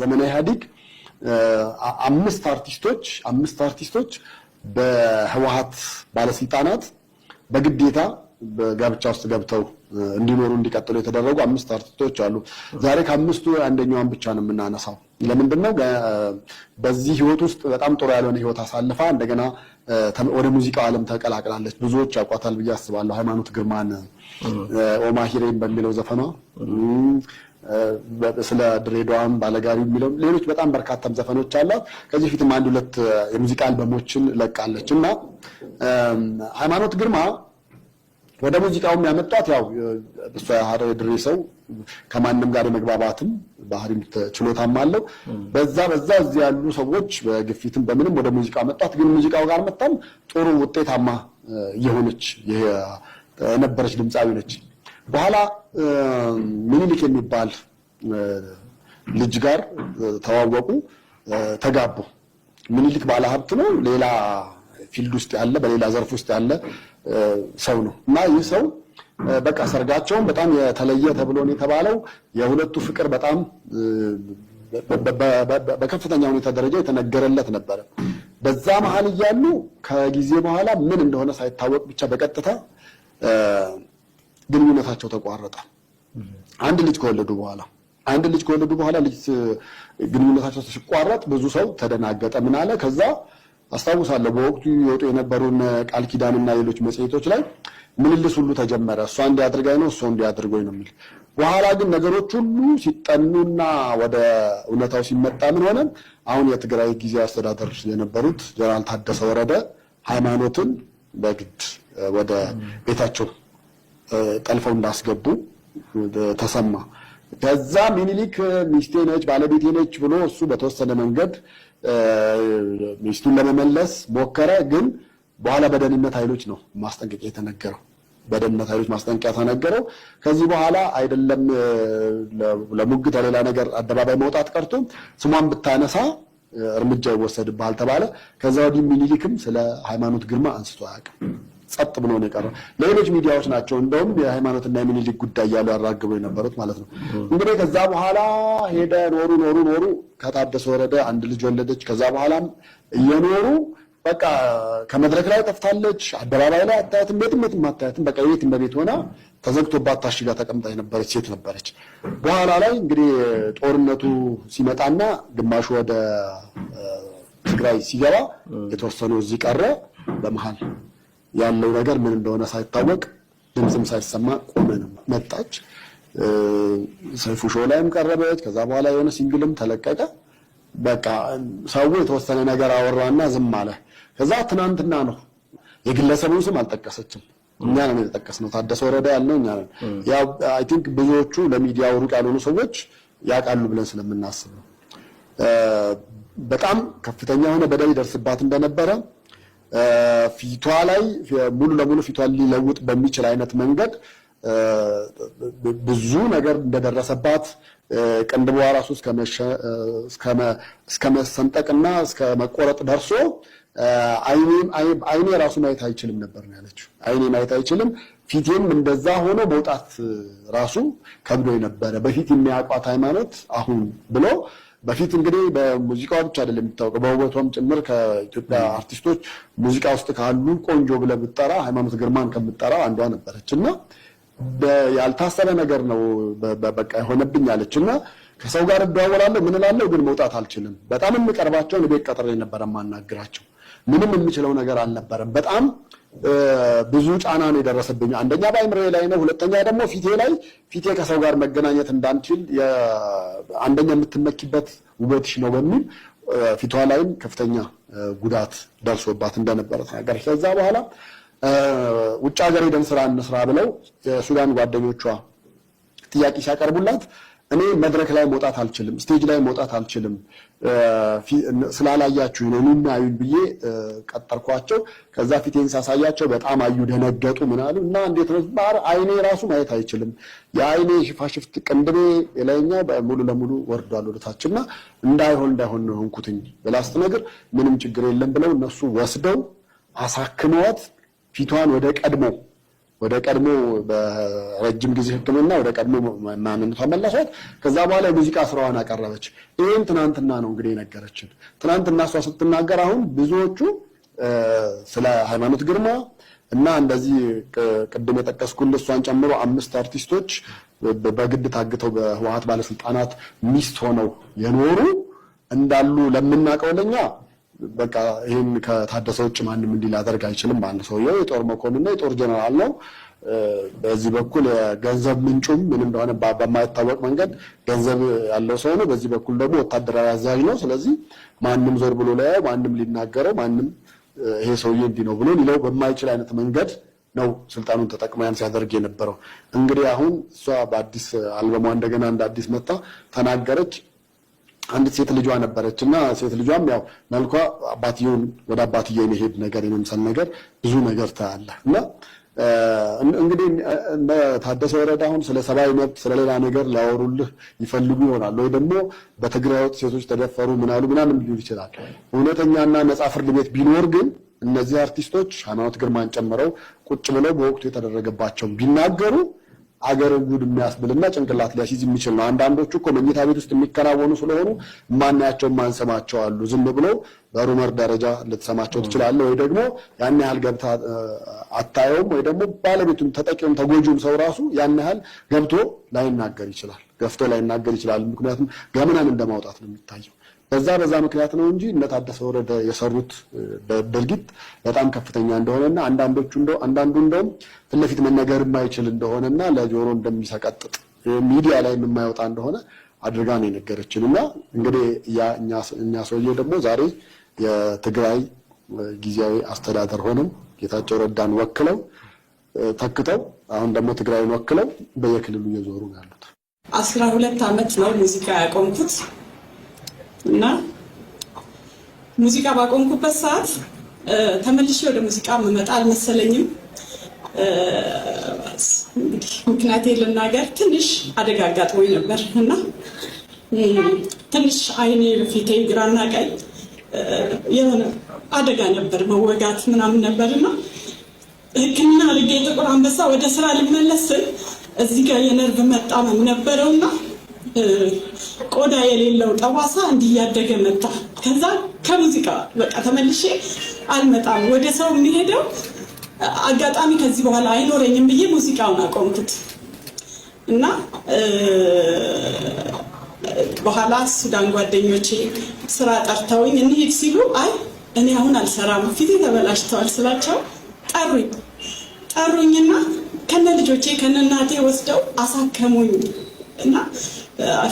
ዘመነ ኢህአዴግ አምስት አርቲስቶች አምስት አርቲስቶች በህወሀት ባለስልጣናት በግዴታ በጋብቻ ውስጥ ገብተው እንዲኖሩ እንዲቀጥሉ የተደረጉ አምስት አርቲስቶች አሉ። ዛሬ ከአምስቱ አንደኛዋን ብቻ ነው የምናነሳው። ለምንድን ነው በዚህ ህይወት ውስጥ በጣም ጥሩ ያልሆነ ህይወት አሳልፋ እንደገና ወደ ሙዚቃው ዓለም ተቀላቅላለች። ብዙዎች ያውቋታል ብዬ አስባለሁ። ሃይማኖት ግርማን ኦማሂሬን በሚለው ዘፈኗ ስለ ድሬዳዋም ባለጋሪ የሚለው ሌሎች በጣም በርካታም ዘፈኖች አሏት። ከዚህ ፊትም አንድ ሁለት የሙዚቃ አልበሞችን ለቃለች እና ሃይማኖት ግርማ ወደ ሙዚቃውም ያመጧት ያው እሷ ድሬ ሰው ከማንም ጋር የመግባባትም ባህሪም ችሎታም አለው። በዛ በዛ እዚህ ያሉ ሰዎች በግፊትም በምንም ወደ ሙዚቃ መጧት። ግን ሙዚቃው ጋር መጣም ጥሩ ውጤታማ የሆነች የነበረች ድምፃዊ ነች። በኋላ ምኒልክ የሚባል ልጅ ጋር ተዋወቁ፣ ተጋቡ። ምኒልክ ባለሀብት ነው፣ ሌላ ፊልድ ውስጥ ያለ በሌላ ዘርፍ ውስጥ ያለ ሰው ነው እና ይህ ሰው በቃ ሰርጋቸውን በጣም የተለየ ተብሎ ነው የተባለው። የሁለቱ ፍቅር በጣም በከፍተኛ ሁኔታ ደረጃ የተነገረለት ነበረ። በዛ መሀል እያሉ ከጊዜ በኋላ ምን እንደሆነ ሳይታወቅ ብቻ በቀጥታ ግንኙነታቸው ተቋረጠ። አንድ ልጅ ከወለዱ በኋላ አንድ ልጅ ከወለዱ በኋላ ልጅ ግንኙነታቸው ሲቋረጥ ብዙ ሰው ተደናገጠ። ምን አለ? ከዛ አስታውሳለሁ በወቅቱ ይወጡ የነበሩን ቃል ኪዳንና ሌሎች መጽሔቶች ላይ ምልልስ ሁሉ ተጀመረ። እሷ እንዲያድርጋኝ ነው እሷ እንዲያድርጎኝ ነው የሚል በኋላ ግን ነገሮች ሁሉ ሲጠኑና ወደ እውነታው ሲመጣ ምን ሆነ? አሁን የትግራይ ጊዜ አስተዳደር የነበሩት ጀነራል ታደሰ ወረደ ሃይማኖትን በግድ ወደ ቤታቸው ጠልፈው እንዳስገቡ ተሰማ። ከዛ ሚኒሊክ ሚስቴ ነች ባለቤቴ ነች ብሎ እሱ በተወሰነ መንገድ ሚስቱን ለመመለስ ሞከረ። ግን በኋላ በደህንነት ኃይሎች ነው ማስጠንቀቂያ የተነገረው። በደህንነት ኃይሎች ማስጠንቀቂያ ተነገረው። ከዚህ በኋላ አይደለም ለሙግት ለሌላ ነገር አደባባይ መውጣት ቀርቶ ስሟን ብታነሳ እርምጃ ይወሰድብሃል ተባለ። ከዛ ወዲህ ሚኒሊክም ስለ ሃይማኖት ግርማ አንስቶ አያውቅም። ጸጥ ብሎ ነው የቀረው። ሌሎች ሚዲያዎች ናቸው እንደውም የሃይማኖትና የሚኒሊክ ጉዳይ ያሉ ያራግቡ የነበሩት ማለት ነው። እንግዲህ ከዛ በኋላ ሄደ ኖሩ ኖሩ ኖሩ። ከታደሰ ወረደ አንድ ልጅ ወለደች። ከዛ በኋላም እየኖሩ በቃ ከመድረክ ላይ ጠፍታለች። አደባባይ ላይ አታያትም፣ ቤትም ቤትም አታያትም። በቃ የቤትም በቤት ሆና ተዘግቶባት ታሽጋ ተቀምጣ የነበረች ሴት ነበረች። በኋላ ላይ እንግዲህ ጦርነቱ ሲመጣና ግማሹ ወደ ትግራይ ሲገባ የተወሰኑ እዚህ ቀረ በመሀል ያለው ነገር ምን እንደሆነ ሳይታወቅ ድምፅም ሳይሰማ ቆመ ነው መጣች። ሰይፉ ሾ ላይም ቀረበች። ከዛ በኋላ የሆነ ሲንግልም ተለቀቀ። በቃ ሰው የተወሰነ ነገር አወራና ዝም አለ። ከዛ ትናንትና ነው የግለሰቡን ስም አልጠቀሰችም። እኛ ነን የተጠቀስነው፣ ታደሰ ወረዳ ያልነው እኛ ነን። ያው አይ ቲንክ ብዙዎቹ ለሚዲያው ሩቅ ያልሆኑ ሰዎች ያውቃሉ ብለን ስለምናስብ ነው። በጣም ከፍተኛ የሆነ በደል ይደርስባት እንደነበረ ፊቷ ላይ ሙሉ ለሙሉ ፊቷን ሊለውጥ በሚችል አይነት መንገድ ብዙ ነገር እንደደረሰባት ቅንድቧ ራሱ እስከ መሰንጠቅና እስከ መቆረጥ ደርሶ አይኔ ራሱ ማየት አይችልም ነበር ያለችው። አይኔ ማየት አይችልም፣ ፊቴም እንደዛ ሆኖ መውጣት ራሱ ከብዶ ነበረ በፊት የሚያውቋት ሃይማኖት አሁን ብሎ በፊት እንግዲህ በሙዚቃ ብቻ አይደለም የሚታወቀው በውበቷም ጭምር ከኢትዮጵያ አርቲስቶች ሙዚቃ ውስጥ ካሉ ቆንጆ ብለህ ብጠራ ሃይማኖት ግርማን ከምትጠራ አንዷ ነበረች እና ያልታሰበ ነገር ነው በቃ የሆነብኝ አለች እና ከሰው ጋር እደዋወላለሁ ምን እላለሁ ግን መውጣት አልችልም። በጣም የምቀርባቸውን ቤት ቀጥሬ ነበረ የማናግራቸው ምንም የምችለው ነገር አልነበረም። በጣም ብዙ ጫና ነው የደረሰብኝ። አንደኛ በአይምሬ ላይ ነው፣ ሁለተኛ ደግሞ ፊቴ ላይ ፊቴ ከሰው ጋር መገናኘት እንዳንችል አንደኛ የምትመኪበት ውበትሽ ነው በሚል ፊቷ ላይም ከፍተኛ ጉዳት ደርሶባት እንደነበረ ተናገረች። ከዛ በኋላ ውጭ ሀገር ሄደን ስራ እንስራ ብለው የሱዳን ጓደኞቿ ጥያቄ ሲያቀርቡላት እኔ መድረክ ላይ መውጣት አልችልም፣ ስቴጅ ላይ መውጣት አልችልም፣ ስላላያችሁ ነው ኑና ብዬ ቀጠርኳቸው። ከዛ ፊቴን ሳሳያቸው በጣም አዩ፣ ደነገጡ። ምናሉ እና እንዴት ነው ባህር አይኔ ራሱ ማየት አይችልም። የአይኔ ሽፋሽፍት ቅንድቤ የላይኛው ሙሉ ለሙሉ ወርዷል ወደታችና እንዳይሆን እንዳይሆን ነው ሆንኩትኝ በላስት ነገር ምንም ችግር የለም ብለው እነሱ ወስደው አሳክመዋት ፊቷን ወደ ቀድሞ ወደ ቀድሞ በረጅም ጊዜ ሕክምና ወደ ቀድሞ ማንነቷ መለሷት። ከዛ በኋላ የሙዚቃ ስራዋን አቀረበች። ይህም ትናንትና ነው እንግዲህ የነገረችን። ትናንትና እሷ ስትናገር አሁን ብዙዎቹ ስለ ሃይማኖት ግርማ እና እንደዚህ ቅድም የጠቀስኩት እሷን ጨምሮ አምስት አርቲስቶች በግድ ታግተው በህወሀት ባለስልጣናት ሚስት ሆነው የኖሩ እንዳሉ ለምናውቀው ለኛ በቃ ይህን ከታደሰ ውጭ ማንም እንዲል ያደርግ አይችልም። አንድ ሰውየው የጦር መኮንንና የጦር ጀነራል ነው። በዚህ በኩል የገንዘብ ምንጩም ምን እንደሆነ በማይታወቅ መንገድ ገንዘብ ያለው ሰው ነው። በዚህ በኩል ደግሞ ወታደራዊ አዛዥ ነው። ስለዚህ ማንም ዞር ብሎ ላያየው፣ ማንም ሊናገረው፣ ማንም ይሄ ሰውዬ እንዲህ ነው ብሎ ሊለው በማይችል አይነት መንገድ ነው ስልጣኑን ተጠቅሞ ያን ሲያደርግ የነበረው። እንግዲህ አሁን እሷ በአዲስ አልበሟ እንደገና እንደ አዲስ መታ ተናገረች። አንዲት ሴት ልጇ ነበረች እና ሴት ልጇም ያው መልኳ አባትየውን ወደ አባትየው የመሄድ ነገር የመምሰል ነገር ብዙ ነገር ታያለ እና እንግዲህ ታደሰ ወረደ አሁን ስለ ሰብአዊ መብት ስለሌላ ነገር ሊያወሩልህ ይፈልጉ ይሆናል ወይ ደግሞ በትግራይ ወጥ ሴቶች ተደፈሩ ምናሉ ምናምን ሊሉ ይችላል። እውነተኛና ነፃ ፍርድ ቤት ቢኖር ግን እነዚህ አርቲስቶች ሃይማኖት ግርማን ጨምረው ቁጭ ብለው በወቅቱ የተደረገባቸውን ቢናገሩ አገርን ጉድ የሚያስብልና ጭንቅላት ሊያስይዝ የሚችል ነው። አንዳንዶቹ እኮ መኝታ ቤት ውስጥ የሚከናወኑ ስለሆኑ ማናያቸው ማንሰማቸው አሉ። ዝም ብሎ በሩመር ደረጃ ልትሰማቸው ትችላለህ፣ ወይ ደግሞ ያን ያህል ገብታ አታየውም፣ ወይ ደግሞ ባለቤቱም ተጠቂውም ተጎጂውም ሰው ራሱ ያን ያህል ገብቶ ላይናገር ይችላል፣ ገፍቶ ላይናገር ይችላል። ምክንያቱም ገመናን እንደማውጣት ነው የሚታየው። በዛ በዛ ምክንያት ነው እንጂ እነ ታደሰ ወረደ የሰሩት ድርጊት በጣም ከፍተኛ እንደሆነና አንዳንዶቹ እንደው አንዳንዱ እንደውም ፊት ለፊት መነገር የማይችል እንደሆነና ለጆሮ እንደሚሰቀጥጥ ሚዲያ ላይ የማይወጣ እንደሆነ አድርጋ ነው የነገረችን። እና እንግዲህ እኛ ሰውዬ ደግሞ ዛሬ የትግራይ ጊዜያዊ አስተዳደር ሆነው ጌታቸው ረዳን ወክለው ተክተው አሁን ደግሞ ትግራይን ወክለው በየክልሉ እየዞሩ ያሉት። አስራ ሁለት ዓመት ነው ሙዚቃ ያቆምኩት። እና ሙዚቃ ባቆምኩበት ሰዓት ተመልሼ ወደ ሙዚቃ መመጣ አልመሰለኝም። እንግዲህ ምክንያት ልናገር ትንሽ አደጋ አጋጥሞኝ ነበር እና ትንሽ አይኔ ፊቴ ግራና ቀኝ የሆነ አደጋ ነበር፣ መወጋት ምናምን ነበር እና ሕክምና አድርጌ ጥቁር አንበሳ ወደ ስራ ልመለስ እዚህ ጋር የነርቭ መጣመም ነበረውና ቆዳ የሌለው ጠዋሳ እንዲያደገ እያደገ መጣ። ከዛ ከሙዚቃ በቃ ተመልሼ አልመጣም ወደ ሰው የሚሄደው አጋጣሚ ከዚህ በኋላ አይኖረኝም ብዬ ሙዚቃውን አቆምኩት እና በኋላ ሱዳን ጓደኞቼ ስራ ጠርተውኝ እንሄድ ሲሉ አይ እኔ አሁን አልሰራም ፊቴ ተበላሽተዋል ስላቸው ጠሩኝ ጠሩኝና ከነ ልጆቼ ከነ እናቴ ወስደው አሳከሙኝ እና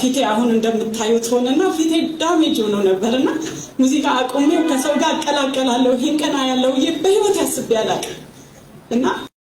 ፊቴ አሁን እንደምታዩት ሆነና ፊቴ ዳሜጅ ሆኖ ነበር እና ሙዚቃ አቁሜው ከሰው ጋር አቀላቀላለሁ። ይህን ቀና ያለው በህይወት ያስቤ አላውቅም እና